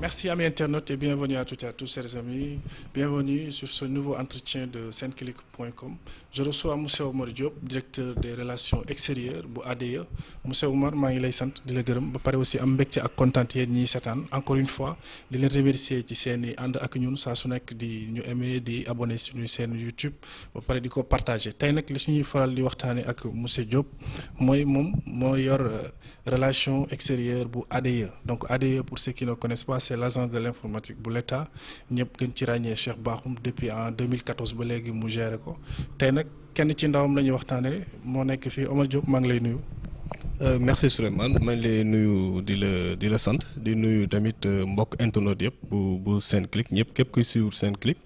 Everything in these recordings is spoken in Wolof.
Merci à mes internautes et bienvenue à toutes et à tous, chers amis. Bienvenue sur ce nouveau entretien de senclic.com. Je reçois Moussa Omar Diop, directeur des relations extérieures bu ADIE. Moussa Omar maa ngi lay sant di la gërëm ba pare aussi am mbégte ak kontaan yéen ñiy seetaan encore une fois di leen remercier ci seen i ànd ak ñun saa su nekk di ñu aimer di abonné suñu seen YouTube ba pare di ko partager tey nag li suñuy faral di waxtaanee ak Moussa Diop mooy moom moo yor euh, relation extérieure bu ADIE c'est l'agence de l'informatique bu l'État ñëpp gën ci ràññee Cheikh Bakhoum depuis en 2014 ba léegi mu géré ko tey nag kenn ci ndawam la ñuy waxtaanee moo nekk fii Omar Diop maa lay nuyu. Euh, merci Souleymane ma lay nuyu di la di la sant di nuyu tamit euh, mbokk internet yëpp bu bu Senclic ñëpp képp kuy suivre Senclic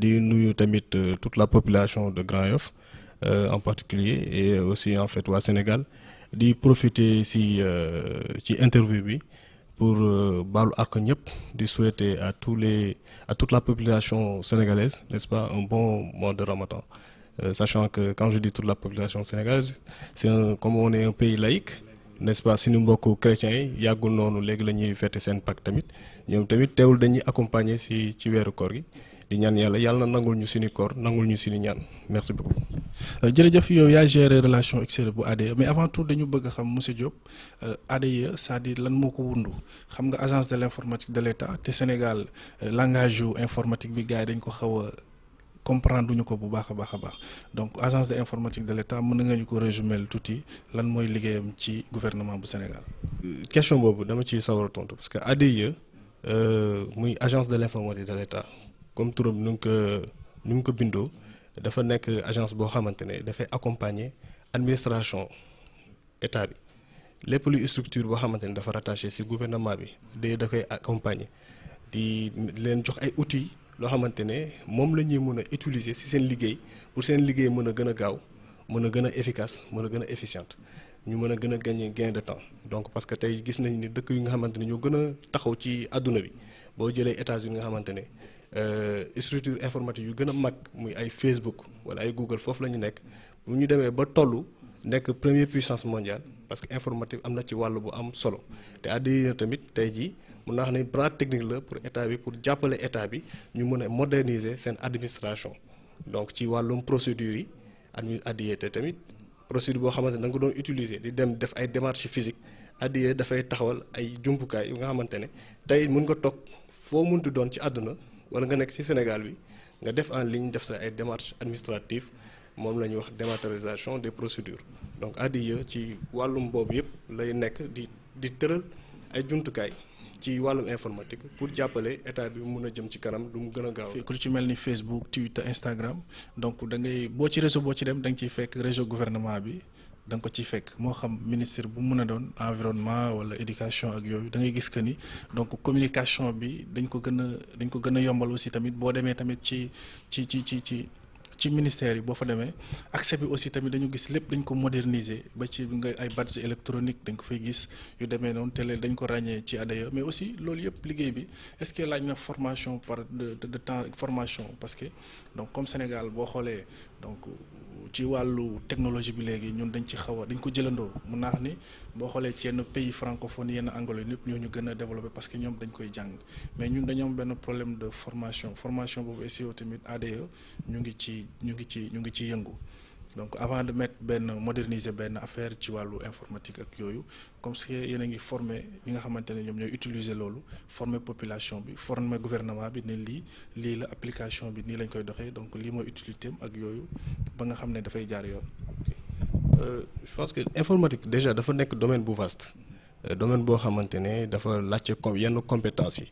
di nuyu tamit euh, toute la population de Grand-Yoff en particulier et aussi en fait waa Sénégal di profiter si ci interview bi. pour euh, baalu àq ñëpp di souhaiter à tous les à toute la population sénégalaise n'est-ce pas un bon mois de Ramadan euh, sachant que quand je dis toute la population sénégalaise c'est un comme on est un pays laïque n'est-ce pas suñu mbokku chrétiens yi yàggul noonu léegi la ñuy fête seen Pâques tamit ñoom tamit teewul dañuy accompagner si ci weeru koor yi di ñaan yàlla yàlla na nangul ñu suñu koor nangul ñu suñu ñaan merci beaucoup. Euh, jërëjëf yow yaa géré relation extérieure bu ADIE mais avant tout dañu bëgg xam monsieur Diop euh, ADIE cest à lan moo ko wundu xam nga agence de l'informatique de l'État te Sénégal euh, langage yu informatique bi gars yi dañ ko xaw a comprendre ñu ko bu baax a baax a baax donc agence de informatique de l'État mën nga ñu ko résumer tuuti lan mooy liggéeyam ci gouvernement bu Sénégal. question boobu dama ciy sawar a tontu parce que ADIE muy agence de l'informatique de comme turam nu ko nu mu ko bindoo dafa nekk agence boo xamante ne dafay accompagner administration état bi lépp lu structure boo xamante ne dafa rattaché ci gouvernement bi day da koy accompagner di leen jox ay outils loo xamante ne moom la ñuy mën a utiliser ci seen liggéey pour seen liggéey mën a gën a gaaw mën a gën a efficace mën a gën a efficiente ñu mën a gën a gagner gain de temps donc parce que tey gis nañ ni dëkk yi nga xamante ne ñoo gën a taxaw ci àdduna bi boo jëlee États-Unis nga xamante ne Euh, structure informatique yu gën a mag muy ay Facebook wala ay Google foofu la ñu nekk mu ñu demee ba toll nekk première puissance mondiale parce que informatique am na ci wàll bu am solo te àddina tamit tey jii mun naa xam ne technique la pour état bi pour jàppale état bi ñu mën a moderniser seen administration donc ci wàllum procédures yi admi addiye te tamit procédure boo xamante ne da nga doon utiliser di dem def ay démarches physiques addiye dafay taxawal ay jumtukaay yu nga xamante ne tey mun nga toog foo munti doon ci àdduna wala nga nekk ci Sénégal bi nga def en ligne def sa ay démarches administratives moom la ñuy wax dématérialisation des procédures donc ADIE ci wàllum boobu yëpp lay nekk di di tëral ay jumtukaay ci wàllum informatique pour jàppale état bi mun a jëm ci kanam du mu gën a gaaw. fii ku ci mel ni Facebook Twitter Instagram donc da ngay boo ci réseau boo ci dem da nga ciy fekk réseau gouvernement bi. da ko ci fekk moo xam ministre bu mën a doon environnement wala éducation ak yooyu da ngay gis que ni donc communication bi dañ ko gën a dañ ko gën a yombal aussi tamit boo demee tamit ci ci ci ci ci ci ministère yi boo fa demee accès bi aussi tamit dañu gis lépp dañ ko moderniser ba ci nga ay badge électronique dañ ko fay gis yu demee noonu te dañ ko ràññee ci ADIE mais aussi loolu yëpp liggéey bi est laaj na formation par de de temps formation parce que donc comme Sénégal boo xoolee donc ci wàllu technologie bi léegi ñun dañ ci xaw a dañ ko jëlandoo mun naa ni boo xoolee ci yenn pays francophone yenn anglo ñëpp ñoo ñu gën a développé parce que ñoom dañ koy jàng mais ñun dañoom benn problème de formation formation boobu SEO tamit ADE ñu ngi ci ñu ngi ci ñu ngi ci yëngu donc avant de mettre benn moderniser benn affaire ci wàllu informatique ak yooyu comme si yéen a ngi former ñi nga xamante ne ñoom ñooy utiliser loolu former population bi former gouvernement bi ne lii lii la application bi nii lañ koy doxee donc lii mooy utilité am ak yooyu ba nga xam ne dafay jaar yoon. Euh, je que informatique déjà dafa nekk domaine bu vaste euh, domaine boo xamante ne dafa laajte comme yenn compétence yi.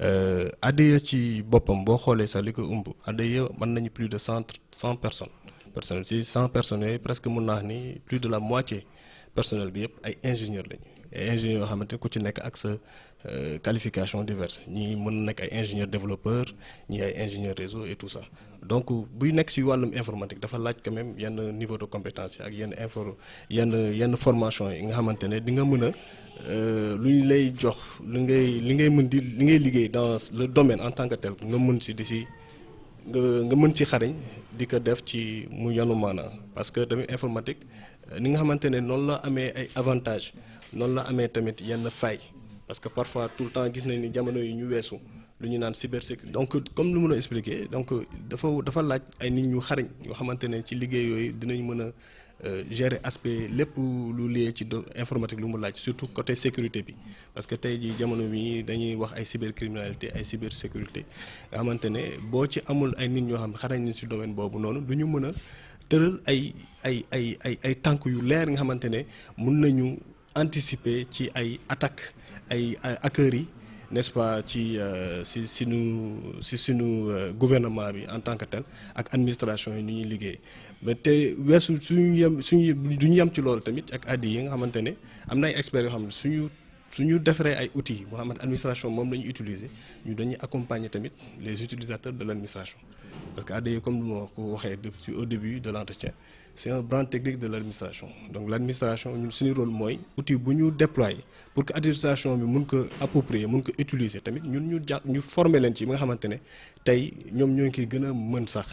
Euh, ADIE ci boppam boo xoolee sax li ko ëmb ADIE mën nañu plus de cent cent personnes. personnel si cent personnes yooyu presque mun naa ni plus de la moitié personnel bi yëpp ay ingénieur lañu ay ingénieur yoo xamante ku ci nekk ak sa euh, qualification diverse ñi mën na nekk ay ingénieur développeur ñi ay ingénieur réseau et tout sax donc buy nekk ci wàllum informatique dafa laaj quand même yenn niveau de compétence yi ak yenn info yenn yenn formation yi nga xamante ne di nga mën a euh, lu ñu lay jox li ngay li ngay mën di li ngay liggéey dans le domaine en tant que tel mën ci di nga nga mën ci xariñ di ko def ci mu yanu maana parce que tamit informatique euh, ni nga xamante ne noonu la amee ay avantages noonu la amee tamit yenn fay parce que parfois tout le temps gis nañ ni jamono yi ñu weesu lu ñu naan cybersécurité donc comme lu mën a expliqué donc dafa dafa laaj ay nit ñu xariñ yoo xamante ne ci liggéey yooyu dinañ mën a Euh, gérer aspect lépp lu lié ci informatique lu mu laaj surtout côté sécurité bi parce que tey jii jamono bi dañuy wax ay cybercriminalité ay cybersécurité nga xamante ne boo ci amul ay nit ñoo xam ne xarañ nañ si domaine boobu noonu duñu ñu mën a tëral ay ay ay ay ay tànk yu leer nga xamante ne mun nañu anticiper ci ay attaques ay hackers yi n'est-ce pas ci euh, si sunu si euh, sunu gouvernement bi en tant que tel ak administration yi ñu ñuy liggéey mais te weesu suñu yem suñu du ñu yem ci loolu tamit ak addi yi nga xamante ne am na ay experts yoo xam ne suñu su ñu defaree ay outils boo xamante administration moom la ñu utiliser ñu dañuy accompagner tamit les utilisateurs de l' administration parce que ADE comme moo ko waxee depuis au début de l' entretien c' est un de l' administration donc l' administration ñun suñu rôle mooy outil bu ñu déployer pour que administration bi mun ko approprier mun ko utiliser tamit ñun ñu jàpp ñu former leen ci bi nga xamante ne tey ñoom ñoo ngi koy gën a mën sax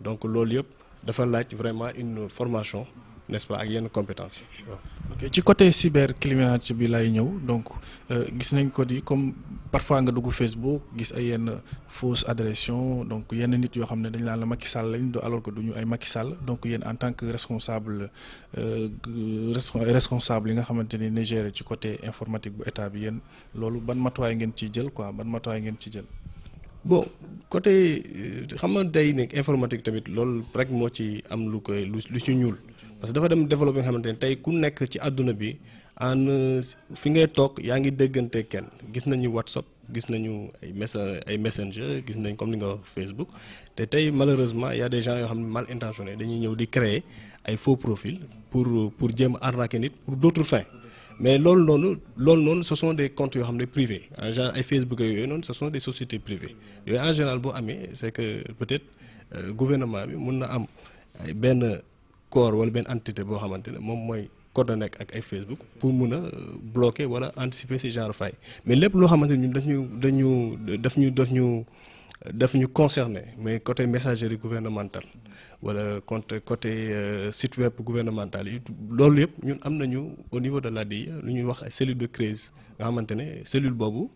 donc loolu yëpp dafa laaj vraiment une formation n'est-ce pas ak yenn compétence yi ok ci côté cybercriminalité bi lay ñëw donc euh, gis nañ ko di comme parfois nga dugg Facebook gis ay yenn fausse agression donc yenn nit yoo xam ne dañ laan la Macky Sall lañ do alors que du ay Macky Sall donc yéen en tant que responsable euh, responsable yi nga xamante ni ne géré ci côté informatique bu état bi yéen loolu ban matuwaay ngeen ciy jël quoi ban matuwaay ngeen ci jël bon côté euh, xam nga tey nekk informatique tamit loolu rek moo ci am lu koy lu ci ñuul parce que dafa dem développé nga xamante ne tey ku nekk ci àdduna bi en euh, fi ngay toog yaa ngi déggante kenn gis nañu WhatsApp gis nañu ay messa ay messenger gis nañ comme ni nga Facebook te tey malheureusement yaa des gens yoo xam ne mal intentionnés dañuy ñëw di créer ay faux profil pour pour jéem a arnaquer nit pour d'autres fins mais loolu noonu loolu noonu ce sont des comptes yoo xam ne privés en genre ay Facebook yooyu noonu ce sont des sociétés privées yooyu en général boo amee c' est que peut-être euh, gouvernement bi mun na am benn corps wala benn entité boo xamante ne moom mooy nekk ak ay Facebook pour mun a euh, bloquer wala anticiper ce genre faille mais lépp loo xamante ne ñun daf ñu dañu daf ñu daf ñu daf ñu concerné mais côté messagerie gouvernementale wala contre côté euh, site web gouvernemental yi loolu yëpp ñun am nañu au niveau de la l'ADIE lu ñuy wax ay cellule de crise nga xamante ne cellule boobu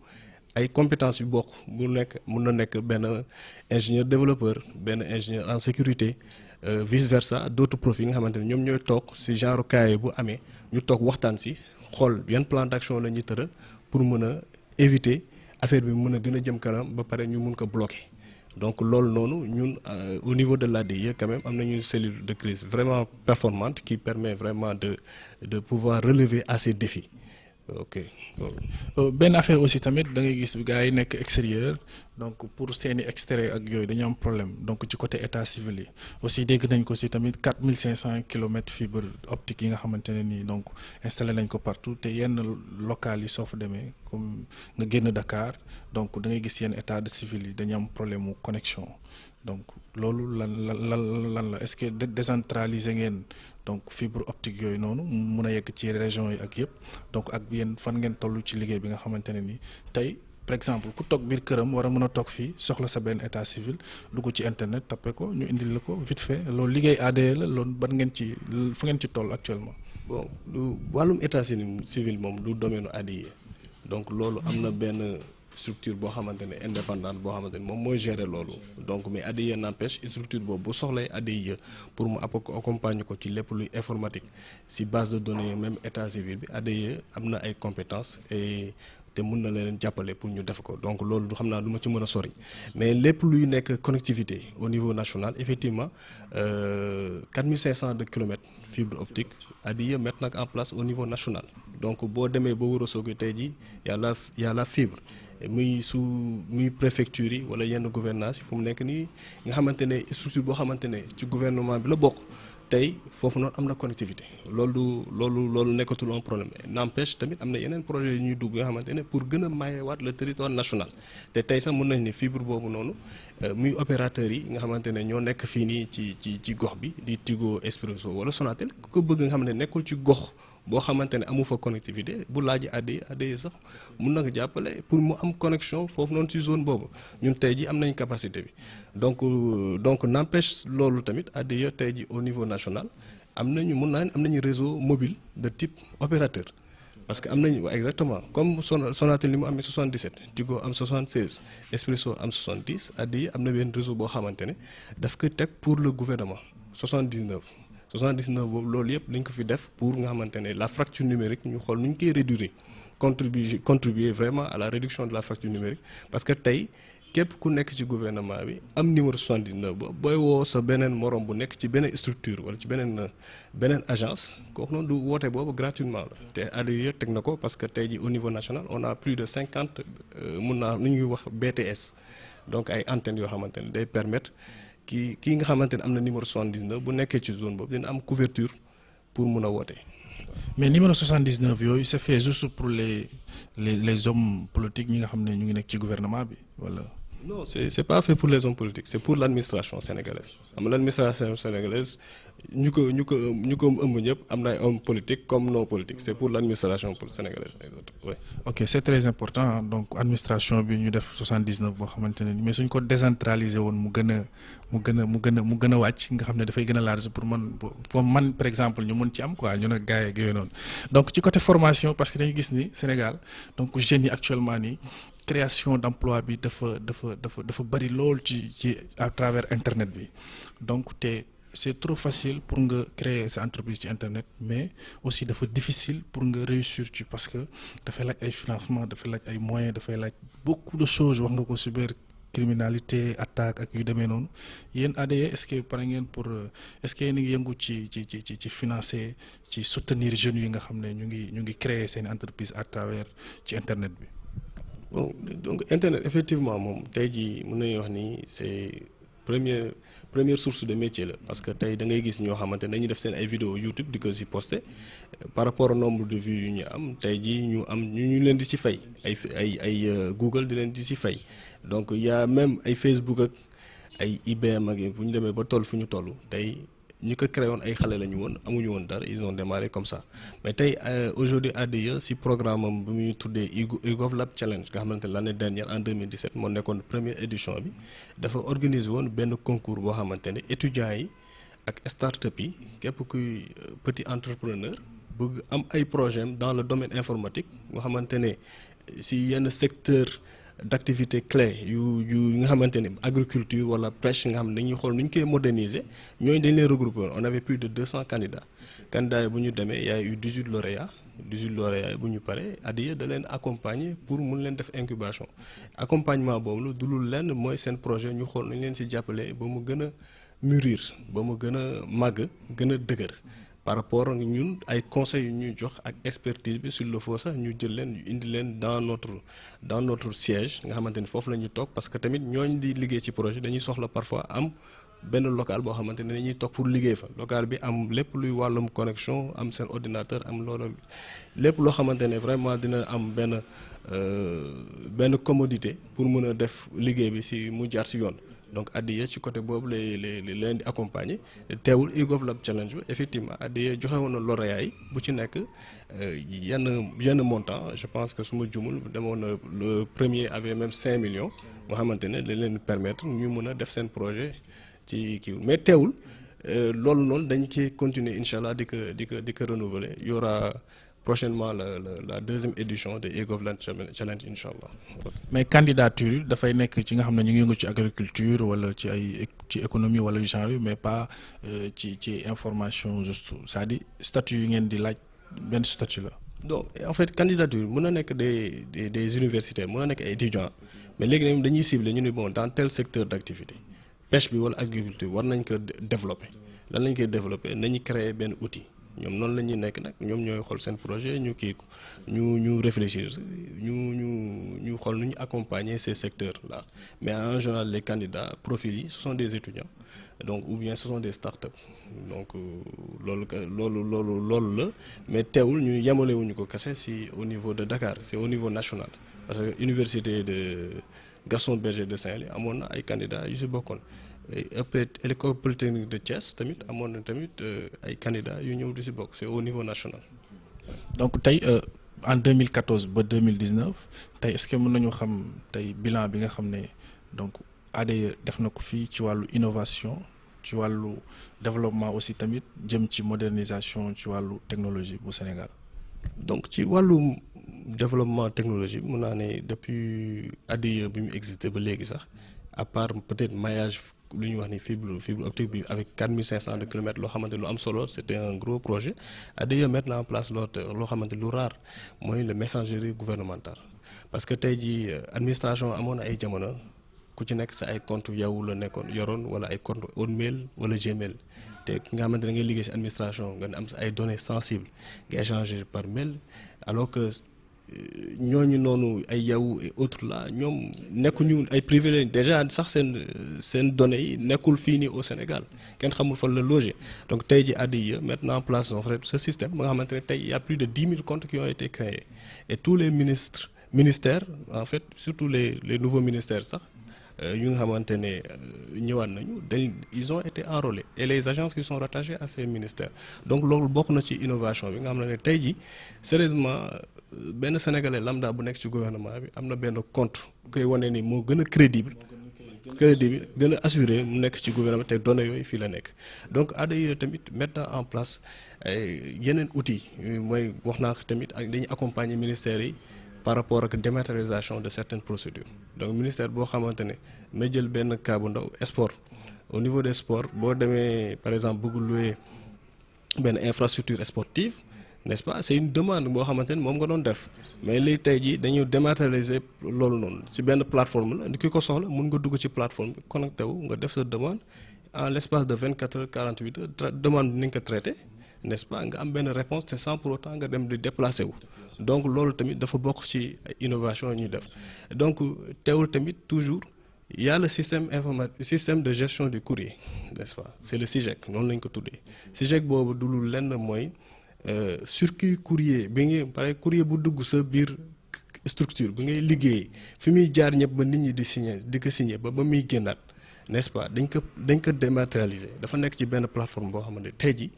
ay compétence yu bokk bu nekk mun na nekk benn ingénieur développeur benn ingénieur en sécurité euh, vice versa d'autres profils yi nga xamante ne ñoom ñooy toog ci genre cahier bu amee ñu toog waxtaan ci xool yan plan d'action la ñuy tëral pour mën a éviter affaire bi mën a gën a jëm kanam ba pare ñu mun ko bloquer donc loolu noonu ñun euh, au niveau de l'ADIE quand même am nañu une cellule de crise vraiment performante qui permet vraiment de de pouvoir relever à ces défis ok euh, benn affaire aussi tamit da ngay gis gars yi nekk extérieur donc pour seeni extrait ak yooyu dañu am problème donc ci côté état civil yi aussi dégg nañ ko si tamit quatre mille cinq cent kilomètres fibre optique yi nga xamante ne nii donc installé nañ ko partout te yenn local yi soo fa demee comme nga génn Dakar donc da ngay gis yenn état de civil yi dañu am problème mu connexion donc loolu lan lan lan la est-ce que décentraliser ngeen donc fibre optique yooyu noonu mun a yegg ci région yi ak yëpp donc ak yéen fan ngeen toll ci liggéey bi nga xamante ne ni tey par exemple ku toog biir këram war a mën a toog fii soxla sa benn état civil dugg ci internet tappe ko ñu indi la ko vite fait loolu liggéey ADE la loolu ban ngeen ci fu ngeen ci toll actuellement. bon du wàllum état civil moom du domaine ADE donc loolu am na benn. structure boo xamante ne indépendante boo xamante ne moom mooy gérer loolu donc mais ADIE n'empêche structure boobu bu soxlay ADIE pour mu accompagner ko ci lépp luy informatique si base de données même état civil bi ADIE am na ay compétence et te mun na leen jàppale pour ñu def ko donc loolu xam naa duma ci mën a sori mais lépp luy nekk connectivité au niveau national effectivement 4500 euh, de kilomètres fibre optique ADIE mettre nag en place au niveau national donc boo demee ba Ourossogui tey jii y a muy su muy préfecture yi wala yenn gouvernance yi fu mu nekk nii nga xamante ne structure boo xamante ne ci gouvernement bi la bokk tey foofu noonu am na connectivité loolu loolu loolu nekkatul un problème n'empêche tamit na yeneen projet yu ñuy dugg nga xamante ne pour gën a mayewaat le territoire national te tey sax mën nañ ne fibre boobu noonu euh, muy opérateurs yi nga xamante ne ñoo nekk fii nii ci ci ci gox bi di Tigo Expresso wala Sonatel ku ko bëgg nga xam ne nekkul ci gox boo xamante ne amu fa connectivité bu laaj ADE ADE sax mun nag jàppale pour mu am connexion foofu noonu ci zone boobu ñun tey ji am nañu capacité bi donc euh, donc n'empêche loolu tamit ADE tey ji au niveau national am nañu mun naa ne am nañu réseau mobile de type opérateur parce que am nañu exactement comme Sonatel li mu amee 77 Tigo am 76 Expresso am 70 ADE am na benn réseau boo xamante ne daf ko teg pour le gouvernement 79 79 boobu loolu yëpp dañ ko fi def pour nga xamante ne la fracture numérique ñu xool nu ñu koy réduire contribuer contribuer vraiment à la réduction de la fracture numérique parce que tey képp ku nekk ci gouvernement bi am numéro 79 ba booy woo sa beneen morom bu nekk ci beneen structure wala ci beneen beneen agence kooku noonu du woote boobu gratuitement la te Aliou teg na ko parce que tey ji au niveau national on a plus de 50 euh, mun naa nu ñuy wax BTS don ay antennes yoo xamante ne day permettre kii kii nga xamante ne am na numéro 79 bu nekkee ci zone boobu dina am couverture pour mun a woote. mais numéro 79 yooyu c'est fait juste pour les les les hommes politiques ñi nga xam ne ñu ngi nekk ci gouvernement bi wala. non c'est c'est pas fait pour les hommes politiques c'est pour l'administration sénégalaise am l'administration sénégalaise ñu ko ñu ko ñu ko ëmb ñëpp am na ay hommes politiques comme non politiques c'est pour l'administration pour sénégalaise ok c'est très important donc administration bi ñu def 79 boo xamante ne mais suñ ko décentraliser woon mu gën a mu gën mu gën mu gën a wàcc nga xam ne dafay gën a large pour man pour man par exemple ñu mën ci am quoi ñu ne gars ni création d'emploi bi dafa dafa dafa dafa bari lool ci ci à travers internet bi donc te c'est trop facile pour nga créer sa entreprise ci internet mais aussi dafa difficile pour nga réussir ci parce que dafay laaj ay financement dafay laaj ay moyen dafay laaj beaucoup de choses wax nga ko cyber criminalité attaque ak yu demee noonu yéen ADE est-ce que pare ngeen pour euh, est-ce que ni ngi yëngu ci ci ci ci financer ci soutenir jeunes yi nga xam ne ñu ngi ñu ngi créer seen entreprise à travers ci internet bi. bon donc internet effectivement moom tey jii mun nañu wax ni c'est première première source de métier la parce que tey da ngay gis ñoo xamante ne dañuy def seen ay vidéo YouTube di ko ci posté par rapport au nombre de vues yu ñu am tey jii ñu am ñu ñu leen di ci fay ay ay ay euh, Google di leen di ci fay donc y a même ay Facebook ak ay IBM ak bu ñu demee ba toll fu ñu toll tey. ñi ko créé woon ay xale la ñu woon amuñu woon dara ils ont comme ça mais tey euh, aujourd'hui ADIE si programme am bu muy tuddee YouGov Lab Challenge nga xamante ne l'année dernière en 2017 moo nekkoon première édition bi dafa organiser woon benn concours boo xamante ne étudiants yi ak start-up yi képp kuy euh, petit entrepreneur bëgg am ay projet dans le domaine informatique nga xamante ne si yenn secteur d'activités clés yu yu nga xamante ne agriculture wala pêche nga xam ne dañuy xool nu ñu koy moderniser ñooy dañ leen regrouper woon on avait plus de 200 candidats candidats yi bu ñu demee y a eu 18 lauréats 18 lauréats bu ñu paree adiya da leen accompagner pour mun leen def incubation accompagnement boobu du lu lenn mooy seen projet ñu xool nu ñu leen si jàppale ba mu gën a mûrir ba mu gën a màgg gën a dëgër par rapport ak ñun ay conseils yu ñuy jox ak expertise bi s'il le faut sax ñu jël leen ñu indi leen dans notre dans notre siège nga xamante ni foofu la ñu toog parce que tamit ñooñ di liggéey ci projet dañuy soxla parfois am benn local boo xamante ne dañuy toog pour liggéey fa local bi am lépp luy wàllum connexion am seen ordinateur am loolu lépp loo xamante ne vraiment dina am benn euh, benn commodité pour mën a def liggéey bi si mu jaar si yoon. donc addiya ci côté boobu lay lay leen di accompagner teewul Eagle of challenge bi effectivement addiya joxe woon na lauréat bu ci nekk euh, yenn yenn montant je pense que su ma jumul demoon na le premier avait même cinq millions moo xamante ne dañ leen permettre ñu mën a def seen projet ci kii mais teewul euh, loolu noonu dañu ci continuer incha allah di ko di ko di ko renouveler y prochainement la la deuxième édition de EcoVland Challenge incha allah. mais candidature yi dafay nekk ci nga xam ne ñu ngi yëngu ci agriculture wala ci ay ci économie wala genre mais pas euh, ci ci information juste c'est-à-dire statut yi ngeen di laaj benn statut la. donc en fait candidature mën a nekk des des des universitaires mën na nekk ay étudiants mais léegi nag dañuy cibler ñu ni bon dans tel secteur d'activité pêche bi wala agriculture war nañ ko développer lan lañ koy développer nañu créer benn outil. ñoom noonu la ñuy nekk nag ñoom ñooy xool seen projet ñu kii ñu ñu réfléchir ñu ñu ñu xool nu ñu accompagner ces secteurs là mais en général les candidats profils yi ce sont des étudiants donc ou bien ce sont des start-up donc euh, loolu loolu loolu loolu la mais teewul ñu yemalewuñu ko kese si au niveau de Dakar c'est au niveau national parce que université de Gaston Berger de Saint-Louis amoon na ay candidats yu si bokkoon école polytechnique de Thiès tamit amoon na tamit euh, ay candidats yu ñëw di si bokk c'est au niveau national. donc tey euh, en 2014 ba 2019 tey est-ce que mën nañu xam tey bilan bi nga xam ne donc ADE def na ko fii ci wàllu innovation ci wàllu développement aussi tamit jëm ci modernisation ci wàllu technologie bu Sénégal. donc ci wàllu développement technologie mun naa ne depuis ADE bi mu existé ba léegi sax à part être maillage. lu ñuy wax ni fibre fibre optique bi avec cent de kilomètres loo xamante lu am solo c' était un gros projet ADIE mettre en place loo loo xamante lu raar mooy le messagerie gouvernementale parce que tey ji administration amoon ay jamono ku ci nekk sa ay compte yow la nekkoon yoroon wala ay compte Hotmail wala Gmail te ki nga xamante ne ngay liggéey si administration nga ne am sa ay données sensibles nga échanger par mail alors que ñooñu noonu ay yow et autres là ñoom nekkuñu ay privé lañ déjà sax seen seen données yi nekkul fii nii au Sénégal kenn xamul fan la loger donc tey ji ADIE mettre na en place en système ba xamante ne tey y de dix mille comptes qui ont été créés et les ministres ministères en fait surtout les les nouveaux ministères sax ñu euh, nga xamante ne euh, ñëwaat nañu dañ ils ont été enrôlés et les agences qui sont rattachées à ces ministères donc loolu bokk na ci innovation bi nga xam ne tey ji sérieusement benn sénégalais lambda bu nekk ci gouvernement bi am na benn compte bu koy wanee ni moo gën a crédible crédit bi gën a mu nekk ci gouvernement te données yooyu fii la nekk donc ADIE tamit mettre en place eh, yeneen outils mooy wax naa tamit ak dañuy accompagner ministères yi par rapport ak dématérialisation de certaines procédures donc ministère boo xamante ne ma jël benn cas ndaw sport au niveau des sport boo demee par exemple bëgg louer benn infrastructure sportive n'est-ce pas c'est une demande boo xamante ni moom nga doon def mais léegi tey jii dañu dématérialiser loolu noonu ci benn plateforme la ki ko soxla mun nga dugg ci plateforme bi connecté wu nga def sa demande en l'espace de vingt quatre heures quarante huit heures demande bi ni nga ko traité n'est-ce pas nga am benn réponse te sans pour autant nga dem di déplacé wu donc loolu tamit dafa bokk ci innovation ñuy def donc teewul tamit toujours yàlla système informatique système de gestion du courrier n'est-ce le SIGEC noonu lañ ko tuddee SIGEC boobu du lu mooy Euh, circuit courrier bi ngay pare courrier bu dugg sa biir structure bi ngay liggéey fi muy jaar ñëpp ba nit ñi di signé di ko signé ba ba muy génnaat n'est-ce pas dañ ko dañ ko dématérialiser dafa nekk ci benn plateforme boo xamante ne tey jii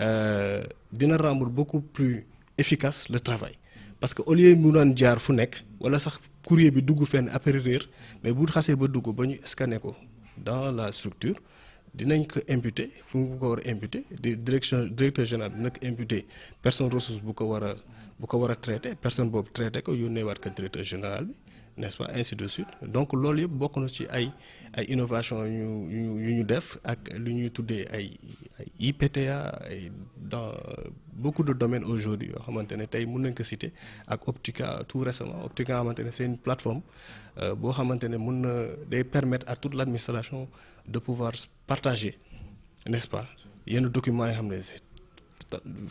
euh, dina rendre beaucoup plus efficace le travail parce que au lieu mu daan jaar fu nekk wala sax courrier bi dugg fenn après mais bu xasee ba dugg ba ñu scanné ko dans la structure dinañ ko imputé fu mu ko war a imputé di direction directeur général dina ko imputé personne ressource bu ko war a bu ko war a traité personne boobu traité ko yónneewaat ko directeur général bi n'est-ce pas ainsi suite donc loolu yëpp bokk na si ay ay innovation yu ñu yu ñu def ak lu ñuy tuddee ay ay IPTA ay dans beaucoup de domaines aujourd'hui yoo xamante ne tey mun nañ ko cité ak Optica tout récemment Optica nga xamante ne c'est une euh, boo xamante ne mën na day permettre à toute l'administration de pouvoir partager nest pa yenn documents yoo xam ne c'est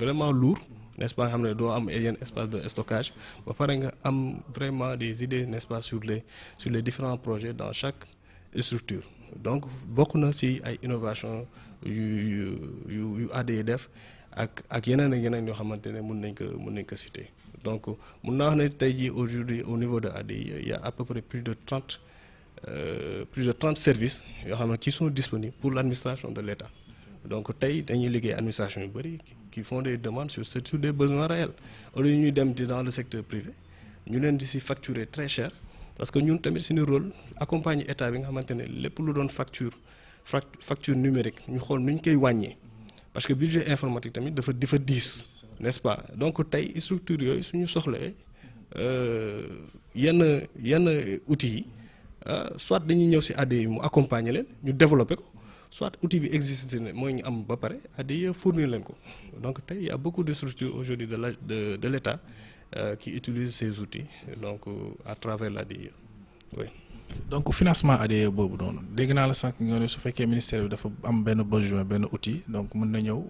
vraiment lourd n'est-ce nga xam ne doo am yenn espace de stockage ba pare nga am vraiment des idées n'est-ce pas sur les sur les différents projets dans chaque structure donc bokk na si ay innovation yu yu yu ADE def ak ak yeneen ak yeneen yoo xamante ne mën nañ ko mun nañ ko citer donc mun naa wax ne tey jii aujourd'hui au niveau de ADE il y à peu près plus de trente euh, plus de trente services yoo xam ne qui sont disponibles pour l' administration de l' État donc tey dañuy liggéey administration yu bëri qui font des demandes sur sur des besoins réels au lieu ñuy dem di dans le secteur privé ñu leen di si facturer très cher parce que ñun tamit suñu rôle accompagner état bi nga xamante ne lépp lu doon facture facture numérique ñu xool nu ñu koy wàññee parce que budget informatique tamit dafa dafa diis n'est-ce pas donc tey structure yooyu suñu soxlawee euh, yenn yenn outils yi Euh, soit dañuy ñëw si ADIE mu accompagner leen ñu développer ko soit outil bi existe na mooy ñu am ba pare ADIE fournir leen ko donc tey y a beaucoup de structures aujourd'hui de la de de l'État euh, qui utilise ces outils donc euh, à travers l'ADIE oui. donc financement ADE boobu noonu dégg naa la sànq nga su fekkee ministère bi dafa am benn besoin benn outil donc mën na ñëw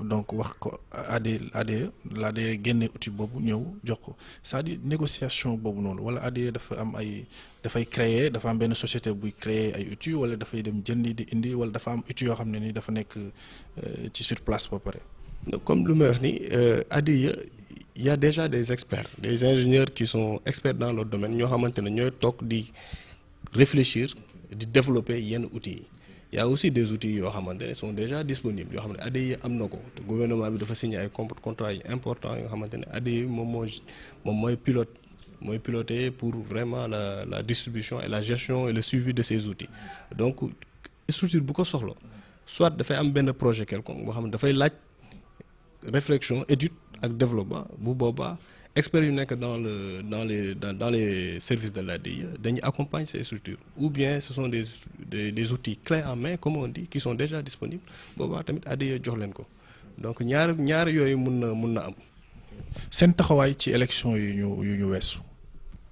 donc wax ko ADE ADE l'ADE génne outil boobu ñëw jox ko c'est-à-dire boobu noonu wala ADE dafa am ay dafay créer dafa am benn société buy créer ay outils wala dafay dem jëndi di indi wala dafa am outil yoo xam ne ni dafa nekk euh, ci sur place ba pare. comme lu may wax ni euh, ADE y a déjà des experts des ingénieurs qui sont experts dans leur domaine ñoo xamante ne ñooy toog di. réfléchir di développer yenn outils yi y aussi des outils yoo xamante ne sont déjà disponibles yoo xam ne ADIE am na ko te gouvernement bi dafa signé ay contrats yu important yoo xamante ne ADIE moom moo moom mooy pilote mooy piloté pour vraiment la la distribution et la gestion et le suivi de ces outils donc structure bu ko soxla soit dafay am benn projet quelconque boo xam ne dafay laaj réflexion étude ak développement bu boobaa experts yu nekk dans le dans les dans, dans de l'ADIE dañuy accompagne ces structures ou bien ce sont des des, des outils clés en main comme on dit qui sont déjà disponibles boobaa tamit ADIE jox leen ko donc ñaar ñaar yooyu mun na mun na am. seen taxawaay ci élection yu ñu yu ñu weesu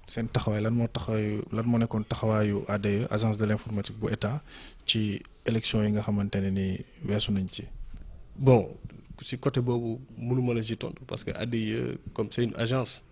seen taxawaay lan moo taxawaayu lan moo nekkoon taxawaayu ADIE agence de l'informatique bu état ci élection yi nga xamante ne ni weesu nañ ci. bon si côté boobu mënuma la ci tontu parce que ADIE comme c'est une agence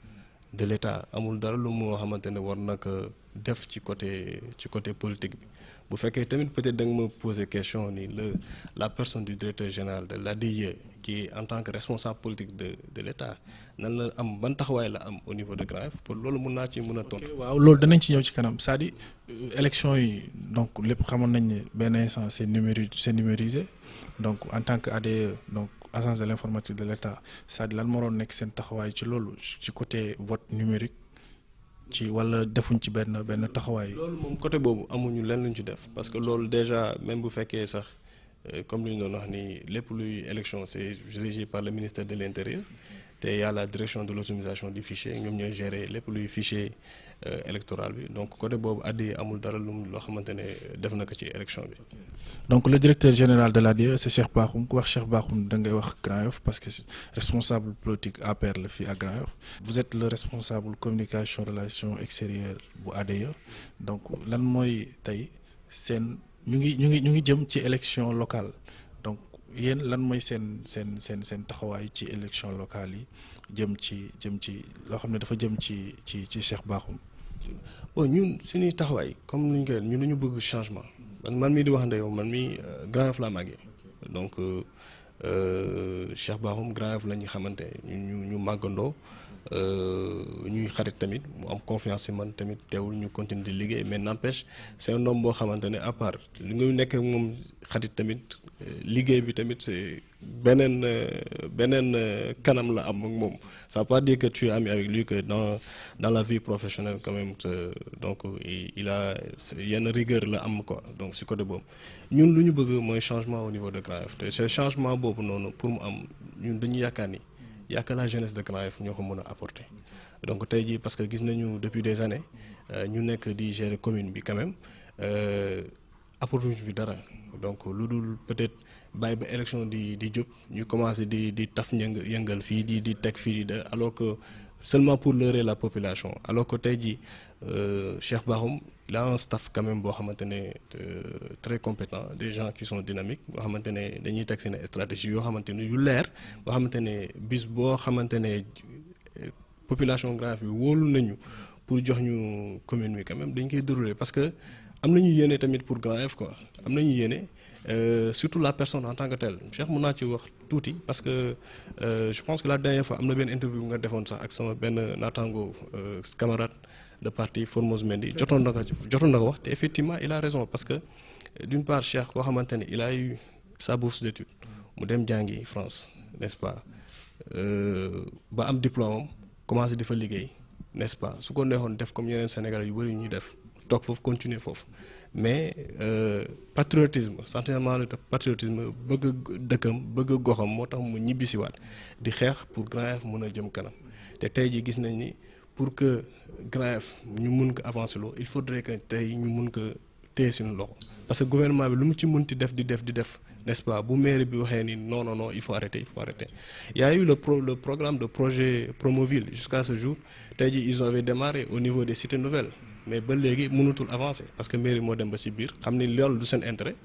de l'État amul dara lu moo xamante ne war na ko def ci côté ci côté politique bi bu fekkee tamit peut-être da nga ma poser question nii le la personne du directeur général de l'ADIE qui est en tant que responsable politique de de l'État nan la am ban taxawaay la am au niveau de Grand Yoff pour loolu mun naa ci mun a tontu. waaw loolu danañ ci ñëw ci kanam cest à euh, élection yi donc lépp xamoon nañ ne benn instant c'est numéri c'est numérisé donc tant que ADIE agence de l' informatique de l' état cest lan moo doon nekk seen taxawaay ci loolu ci côté vote numérique ci walla defuñ ci benn benn taxawaay. loolu moom côté boobu amuñu lenn luñ ci def parce que loolu déjà même bu fekkee sax euh, comme li ñu doon wax ni lépp luy élection c' est par le ministère de l' intérieur te y la direction de l' autonomisation du fichier ñoom ñooy gérer lépp luy fichier. Euh, électorale bi donc côté boobu ADIE amul dara lu loo xamante ne def na ko ci élection bi. donc le directeur général de l'ADIE c'est Cheikh Bakhoum ku wax Cheikh Bakhoum dangay wax Grand Yoff parce que responsable politique APR la fii à Grand Yoff. vous êtes le responsable communication bu ADIE donc lan mooy tey seen ñu ngi ñu ngi ñu ngi jëm ci élection locale. yéen lan mooy seen seen seen seen taxawaay ci élection locale yi jëm ci jëm ci loo xam ne dafa jëm ci ci ci Cheikh baaxum bon ñun suñuy taxawaay comme ni ñu koy ñun dañu bëgg changement man man mii di wax yow man mii euh, Grand Yoff laa màggee donc euh, euh, Cheikh Bakhoum Grand Yoff la xamante ñu ñu màggandoo Euh, ñuy xarit tamit mu am confiance ci man tamit teewul ñu continuer di liggéey mais n'empêche c'est un boo xamante ne à part li nga nekk moom xarit tamit euh, liggéey bi tamit c'est beneen euh, beneen kanam la am ak moom ça veut pas dire que tu es ami avec lui que dans dans la vie professionnelle quand même donc il a yenn rigueur la am ko donc ci côté boobu ñun lu ñu bëgg mooy changement au niveau de Grand Yoff te changement boobu noonu pour mu am ñun dañu yaakaar ni yaakaar la jeunesse de Grand Yoff ñoo ko mën a apporter donc tey jii parce que gis nañu depuis des années euh, ñu nekk di gérer commune bi quand même euh, apporter ñu fi dara donc lu dul peut-être bàyyi ba élection di di jub ñu commencé di di taf yëngal fii di di teg fii alors que. seulement pour leurrer la population alors que tey jii euh, Cheikh Bakhoum il a un staff quand boo xamante ne euh, très compétent des gens qui sont dynamiques boo xamante ne dañuy teg seen stratégie yoo xamante ne yu leer boo xamante ne bis boo xamante ne euh, population grave bi wóolu nañu pour jox ñu commune bi quand même dañ koy dérouler parce que am nañu yéene tamit pour Grand Yoff quoi am nañu yéene surtout la personne en tant que telle Cheikh mun naa ci wax tuuti parce que euh, je pense que la dernière fois am na benn interview nga defoon sax ak sama benn naataango euh, camarade de parti Formose Mendy jotoon na ko jotoon na ko wax te effectivement il a raison parce que d'une part Cheikh koo xamante ne il a eu sa mu dem jàngi France n'est-ce pas euh, ba am diplôme am difa liggéey n'est-ce pas su ko neexoon def comme yeneen sénégal yu bëri ñuy def toog foofu continuer foofu mais euh, patriotisme sentiment de patriotisme bëgg dëkkam bëgg goxam moo tax mu ñibbisiwaat di xeex pour Grand Yoff mën a jëm kanam te tey ji gis nañ ni pour que Grand Yoff ñu mun ko avancer loo il faudrait que tey ñu mun ko téye suñu loxo parce que gouvernement bi lu mu ci munti def di def di def n'est-ce bu maire bi waxee ni non non non il faut arrêter il faut arrêter il y le pro programme de projet Promoville jusqu'à ce jour tey ji ils avaient démarré au niveau des mais ba léegi mënatul avancer parce que mairie moo dem ba ci biir xam ni loolu du seen intérêt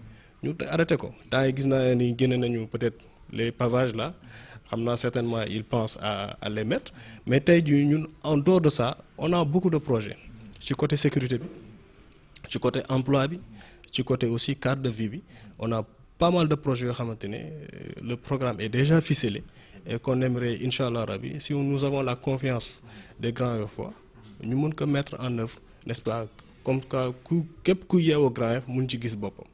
ñu arrêté ko temps yi gis naa ni génne nañu peut-être les pavage là xam naa certainement ils pensent à à mettre mais tey jii ñun en dehors de ça on a beaucoup de projet ci côté sécurité bi ci côté emploi bi ci côté aussi cadre de vie bi on a pas mal de projets yoo xamante ne euh, le programme est déjà ficelé et qu'on aimerait incha allah rabi si nous avons la confiance des grands Yoffois ñu mën ko mettre en œuvre n'est-ce pas comme quoi ku képp ku yeewoo Grand Yoff mun ci gis boppam.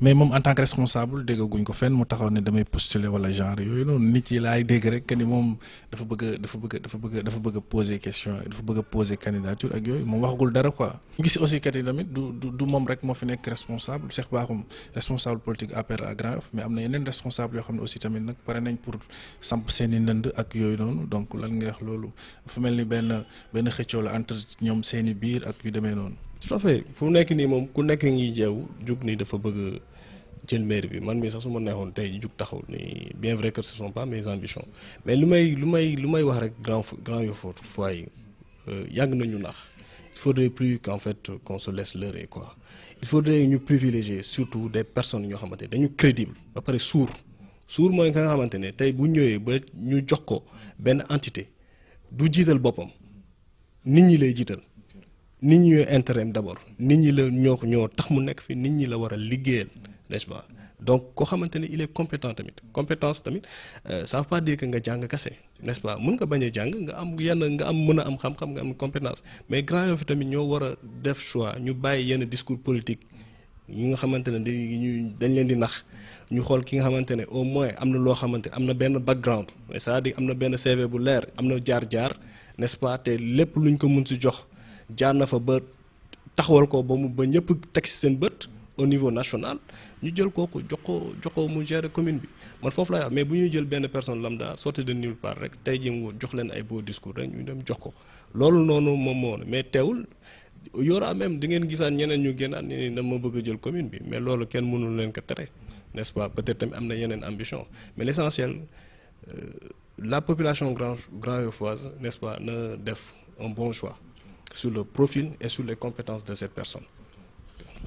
mais moom en tant que responsable déggaguñ ko fenn mu taxaw ne damay postuler wala genre yooyu noonu nit yi laay dégg rek que ni moom dafa bëgg dafa bëgg dafa bëgg dafa bëgg a question dafa bëgg a poser candidature ak yooyu moom waxagul dara quoi. mu gis aussi kat yi tamit du du du moom rek moo fi nekk responsable Cheikh Bakhoum responsable politique APR à Grand Yoff mais am na yeneen responsable yoo xam ne aussi tamit nag pare nañ pour samp seen ndënd ak yooyu noonu donc lan nga wax loolu dafa mel ni benn benn xëccoo la entre ñoom seen i ak yu demee noonu. tout à fait fu nekk nii moom ku nekk ngi jeew jug ni dafa bëgg jël maire bi man mii sax su ma neexoon tey jug taxaw ni bien vrai que ce sont pas mes ambitions mais lu may lu may lu may wax rek grand grand yo fois yi euh, yàgg nañu nax il faudrait plus qu'en fait qu'on se laisse quoi il faut de ñu privilégier surtout des personnes ñoo xamante ne dañu crédible ba pare suur suur mooy nga xamante ne tey bu ñëwee ba ñu jox ko benn entité du jiital boppam nit ñi lay jiital nit ñi ñooy intérêt d' abord nit ñi la ñoo ñoo tax mu nekk fi nit ñi la war a liggéeyal nest pas donc koo xamante ne il est compétent tamit compétence tamit euh, ça pas dire que nga jàng kase nest pas mun nga bañ a jàng nga am yenn nga am mën a am xam-xam nga am compétence mais grand yoo tamit ñoo war a def choix ñu bàyyi yenn discours politique ñi nga xamante ne dañuy dañ leen di nax ñu xool ki nga xamante ne au moins am na loo xamante am na benn background c'est-à-dire am na benn sever bu leer am na jaar-jaar n'est-ce pas te lépp luñ ko mun si jox. jaar na fa ba taxawal ko ba mu ba ñëpp teg ci seen bët au niveau national ñu jël kooku jox ko jox mu gérer commune bi man foofu laay wax mais bu ñuy jël benn personne lambda sorti de nulle part rek tey jii mu jox leen ay beaux discours rek ñu dem jox ko loolu noonu moom moo mais teewul yoraa même di ngeen gisaan ñeneen ñu génnaat ne ni dama bëgg a jël commune bi mais loolu kenn mënul leen ko tere n'est-ce pas peut-être tamit am na yeneen ambition mais l'essentiel euh, la population grand grand yoffoise n'est-ce na def un bon choix su le profil et sur les compétences de cette personne.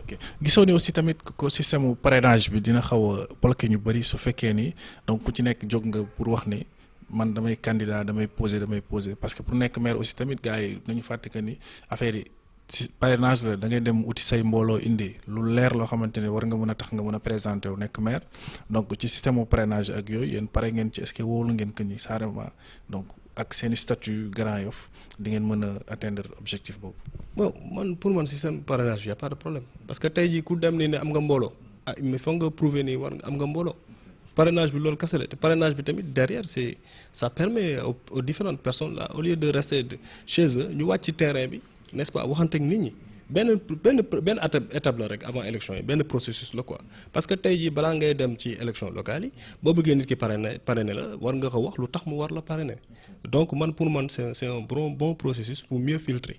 ok gisoo ni aussi tamit ko système parenage bi dina xaw a bloqué ñu bëri su fekkee ni donc ku ci nekk jóg nga pour wax ni man damay candidat damay posé damay posé parce que pour nekk maire aussi tamit gars yi nañu fàtte que ni yi si parrainage la da ngay dem uti say mbooloo indi lu leer loo xamante ne war nga mën a tax nga mën a présenté wu nekk maire donc ci système mu ak yooyu yéen pare ngeen ci est-ce que ngeen que ni carrément donc ak seen statut Grand Yoff di ngeen mën a atteindre objectif boobu. bon man pour man système parrainage y a pas de problème parce que tey jii ku dem ni ne am nga mbooloo ah mais foog nga prouver ni war nga am nga mbooloo. parrainage bi loolu kese la te parrainage bi tamit derrière c'est ça permet aux, aux différentes personnes là au lieu de rester chez eux ñu wàcc terrain bi n'est-ce pas waxante ak nit ñi. benn benn benn étape la rek avant élection yi benn processus la quoi parce que tey jii balaa ngay dem ci élection locale yi boo bëggee nit ki parrainé parrainé la war nga ko wax lu tax mu war la pare parrainé donc man pour man c'est c'est un bon bon processus pour mieux filtrer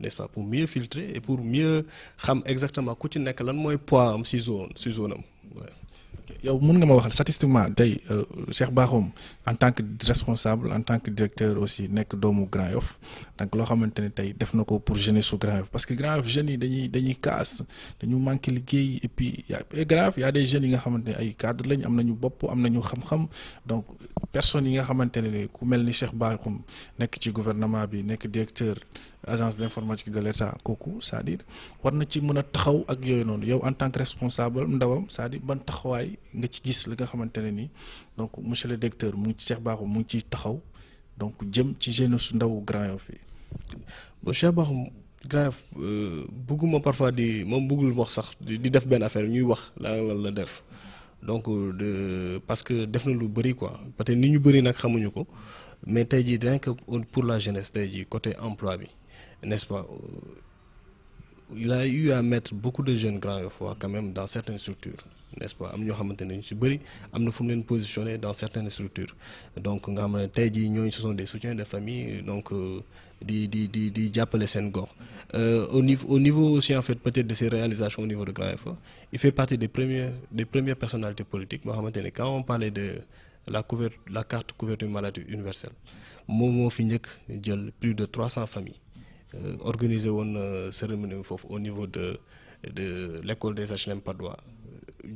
n'est-ce pas pour mieux filtrer et pour mieux xam exactement ku ci nekk lan mooy poids am si zone si zone am yow mën nga ma waxal statistiquement tey euh, Cheikh Bakhoum en tant que responsable en tant que directeur aussi nekk doomu Grand Yoff donc loo xamante ne tey def na ko pour jeunesse su Grand Yoff parce que Grand Yoff jeunes yi dañuy dañuy kaas dañu manqué liggéey et puis y' Grand Yoff y' a des jeunes yi nga xamante ne ay cadre lañ am nañu bopp am nañu xam-xam donc personnes yi nga xamante ne ku mel ni Cheikh Bakhoum nekk ci gouvernement bi nekk directeur. agence d'informatique de l'État kooku c'est-à-dire war na ci mën a taxaw ak yooyu noonu yow en tant que responsable ndawam cest à ban taxawaay nga ci gis li nga xamante ne nii donc monsieur le directeur mu ngi ci Cheikh Bakhoum mu ngi ciy taxaw donc jëm ci jeunesse ndawu Grand Yoff yi. bon Cheikh Bakhoum Grand Yoff euh, bëgguma parfois di moom bëggul wax sax di def benn affaire ñuy wax lan lan la def donc euh, de parce que def na lu bëri quoi peut que ni ñu bëri nag xamuñu ko mais tey jii rien pour la jeunesse tey jii côté emploi bi. n'est-ce pas euh, il a eu à mettre beaucoup de jeunes Grand Yoff waa quand même dans certaines structures n'est-ce pas am ñoo xamante ne ñu si bëri am na fu mu leen positionné dans certaines structures donc nga xam ne tey jii ñooñu ce sont des soutiens de famille donc euh, di di di jàppale seen gox euh, au niveau au niveau aussi en fait peut-être de ses réalisations au niveau de Grand Yoff il fait partie des premières personnalités politiques moo xamante ne quand on parlait de la couver la carte couverture maladie moom moo fi njëkk jël plus de 300 familles. Euh, organiser woon euh, cérémonie bi foofu au niveau de de l' des HLM Patte d'Oie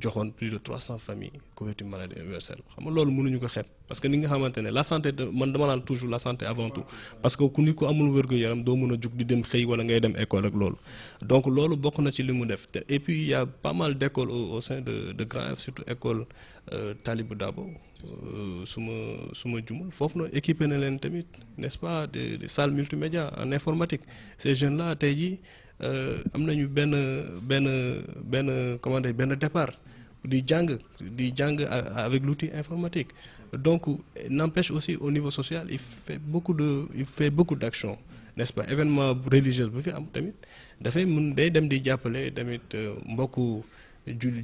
joxoon plus de trois cent familles couverture maladie universelle xam mënuñu ko xeeb parce que ni nga xamante ne la santé man dama naan toujours la santé avant tout parce que ku nit ko amul wér yaram doo mën a jug di dem xëy wala ngay dem école ak loolu donc loolu bokk na ci li mu def te et puis il y a pas mal d' écoles au sein de de Grand F surtout école euh, Talibou Dabo euh, su ma su ma jumul foofu na équipé na leen tamit n' est ce pas des salles multimédia en informatique ces Euh, am nañu benn benn benn comment dire benn départ di jàng di jàng avec l'outil informatique donc n'empêche aussi au niveau social il fait beaucoup de il fait beaucoup d'actions n'est-ce pas événement bu fi am tamit dafay mun day dem di jàppale tamit euh, mbokku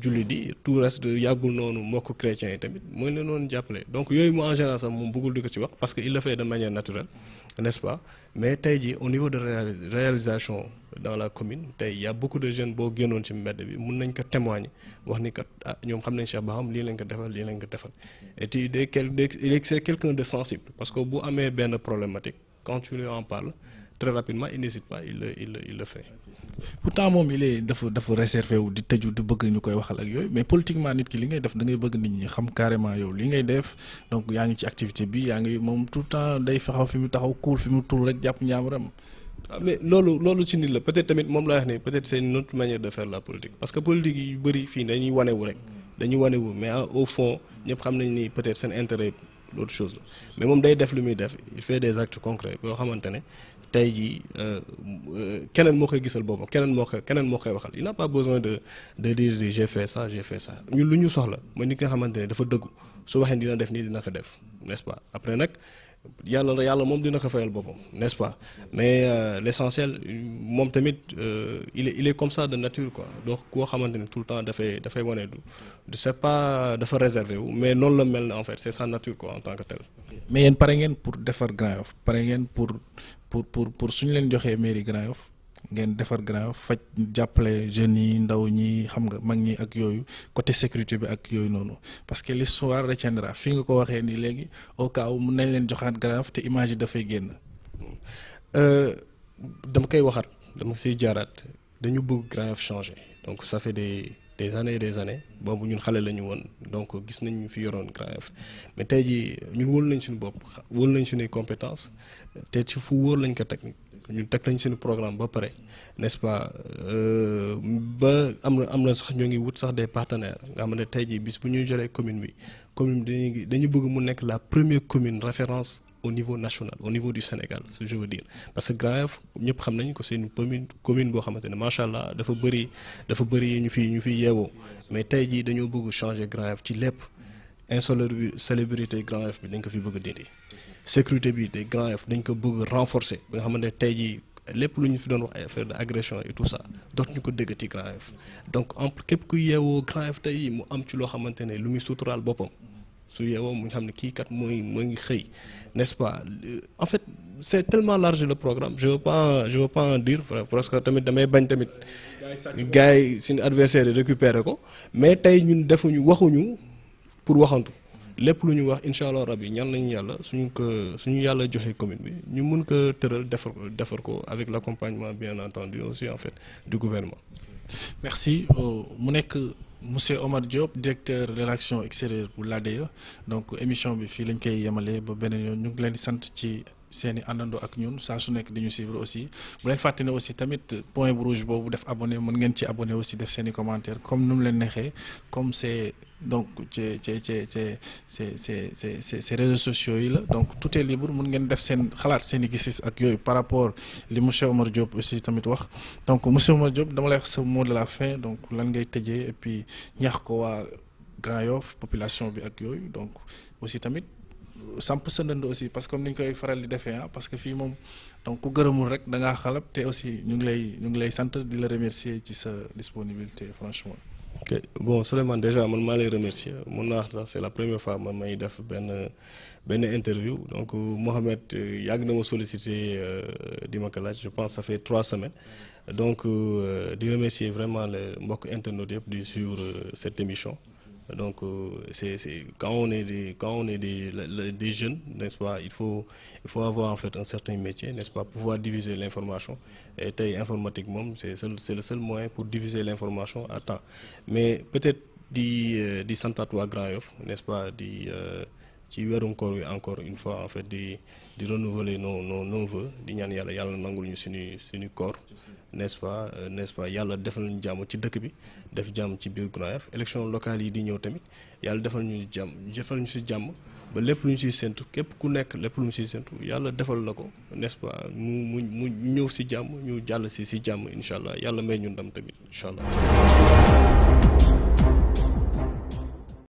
julli di tout reste yàggul noonu mbokku chrétiens yi tamit mooy la noonu jàppale donc yooyu mu en sax moom bëggul di ko ci wax parce que il le fait de manière naturelle nest pas mais tey jii au niveau de réalisation dans la commune tey y' a beaucoup de jeunes boo génnoon ci mbedd bi mun nañ ko témoigner wax ni kat ah ñoom xam nañ Cheikh Bakhoum lii lañ ko defal lii lañ ko defal et puis il est quelqu'un de sensible parce que bu amee benn problématique quand tu en parles très rapidement il n'hésite pas il le il le il le moom il dafa dafa réservé di tëju du bëgg ñu koy waxal ak yooyu mais politiquement nit ki li ngay def da ngay bëgg nit ñi xam carrément yow li ngay def donc yaa ngi ci activité bi yaa ngi moom tout le temps day faxaw fi mu taxaw kuul fi mu tuul rek jàpp ñaamaram. Ah, mais loolu loolu ci nit la peut-être tamit moom laa ne peut-être c'est une autre manière de faire la politique parce que politique yu bëri fii dañuy wane ah, ñëpp xam nañ ni peut-être seen intérêt autre chose la mais moom day def lu muy def il fait des actes concrets yoo xamante ne tey jii euh, euh, keneen moo koy gisal boppam keneen moo koy keneen moo koy waxal il n'a pas besoin de de dire j'ai fait ça j'ai fait ñun lu ñu soxla mooy nit ki nga xamante ne dafa dëggu su waxee dina def nii dina ko def n'est-ce pas après nag yàlla la yàlla moom dina ko fayal boppam n'est-ce pas mais euh, l'essentiel moom tamit euh, il e il est comme ça de nature quoi donc koo xamante ne tout le temps dafay dafay wane du du c'est pas dafa réservé wu mais noonu la mel na en fait c'est sa nature quoi en tant que tel. mais yéen pour pour pour suñ leen joxee mairie Grand Yoff ngeen defar Grand Yoff faj jàppale jeunes yi ndaw ñi xam nga mag ñi ak yooyu côté sécurité bi ak yooyu noonu parce que l'histoire retiendra fi nga ko waxee nii léegi au cas mun nañ leen joxaat Grand Yoff te image yi dafay génn. Euh, dama koy waxaat dama siy jaaraat dañu bëgg Grand Yoff changer donc ça fait des années des années boobu ñun xale la ñu woon donc gis nañ ñu fi yoroon Grand Yoff mais tey jii ñun wóolu nañ suñu bopp wóolu nañ suñuy compétence te ci fu wóor lañ ko teg ñun teg nañ suñu programme ba pare n'est-ce pas euh, ba am na am na sax ñoo ngi wut sax des partenaires nga xam ne tey jii bis bu ñuy joree commune bi commune bi dañu bëgg mu nekk la premier commune référence au niveau national au niveau du Sénégal ce que je dire parce que Grand Yoff ñëpp xam nañ ko c'est une commune boo xamante ne macha allah dafa bëri dafa bëri ñu fi ñu fi yeewoo mais tey jii dañoo bëgg changer Grand Yoff ci lépp insalubrité Grand Yoff bi dañ ko fi bëgg dindi sécurité bi de Grand dañ ko bëgg renforcer ba nga xamante ne tey jii lépp lu ñu fi doon wax ay affaire d'agression et tout ça doot ñu ko dégg ci Grand Yoff donc en képp kuy yeewoo Grand Yoff tey mu am ci loo xamante ne lu muy suturaal boppam su yeewoo mu xam ne kii kat mooy moo ngi xëy n'est-ce pas en fait c'est tellement large la programme je veux pas je veux pas en dire parce que tamit damay bañ tamit gars yi suñu adversaire yi récupérer ko mais tey ñun defuñu waxuñu pour waxantu lépp lu ñu wax incha allah rab yi ñaan nañu yàlla suñu ko suñu yàlla joxe commune bi ñu mun ko tëral defar ko defar ko avec l'accompagnement bien entendu aussi en fait du gouvernement. merci euh, mu nekk. monsieur Omar Diop directeur relation extérieure bu l'ADIE donc émission bi fii lañ koy yemalee ba beneen yoon ñu ngi leen sant ci seen i àndandoo ak ñun saa su nekk di ñu suivre aussi bu leen fàtte aussi tamit point bu rouge boobu def abonné mën ngeen ci abonné aussi def seeni i commentaire comme nu mu leen neexee comme c'est donc ci ci ce ce ci ci ci ci ci réseaux sociaux yi la donc tout est libre mun ngeen def seen xalaat seen i gis-gis ak yooyu par rapport li monsieur Omar Diop aussi tamit wax donc monsieur Omar Diop dama lay wax sa mot la fin donc lan ngay tëjee et puis ko waa Grand Yoff population bi ak yooyu donc aussi tamit samp sa ndënd aussi parce que comme ni ñu koy faral di defee ah parce que fii moom donc ku gërëmul rek da ngaa xalab te aussi ñu ngi lay ñu ngi lay sant di la remercier ci sa disponibilité franchement. ok bon Souleymane déjà man maa lay remercier mun naa wax c'est la première fois man may def benn benn interview donc euh, Mohamed euh, yàgg na ma sollicité euh, di ma ko laaj je pense ça fait trois semaines donc di remercier vraiment les mbokk internautes yëpp di suivre cette émission. Donc, euh, c'est, c'est, quand on est des, quand on est des, jeunes, n'est-ce pas, il faut, il avoir en fait un certain métier, n'est-ce pas, pouvoir diviser l'information. Et tey informatique moom c'est le seul moyen pour diviser l'information à temps. Mais peut-être di euh, di santaat waa Grand Yoff, n'est-ce pas, di euh, ci weeru koor wi encore une fois en fait di di renouveler nos nos nos vœux di ñaan yàlla yàlla nangul ñu suñu suñu koor euh, n'est-ce pas yàlla defal ñu jàmm ci dëkk bi def jàmm ci biir Grand Yoff élection locale yi di ñëw tamit yàlla defal ñu jàmm defal ñu si jàmm ba lépp lu siy séntu képp ku nekk lépp lu ñu séntu yàlla defal la ko n'est-ce pas mu mu mu ñëw si jàmm ñu jàll si si jàmm incha allah yàlla may ñun ndam tamit incha allah.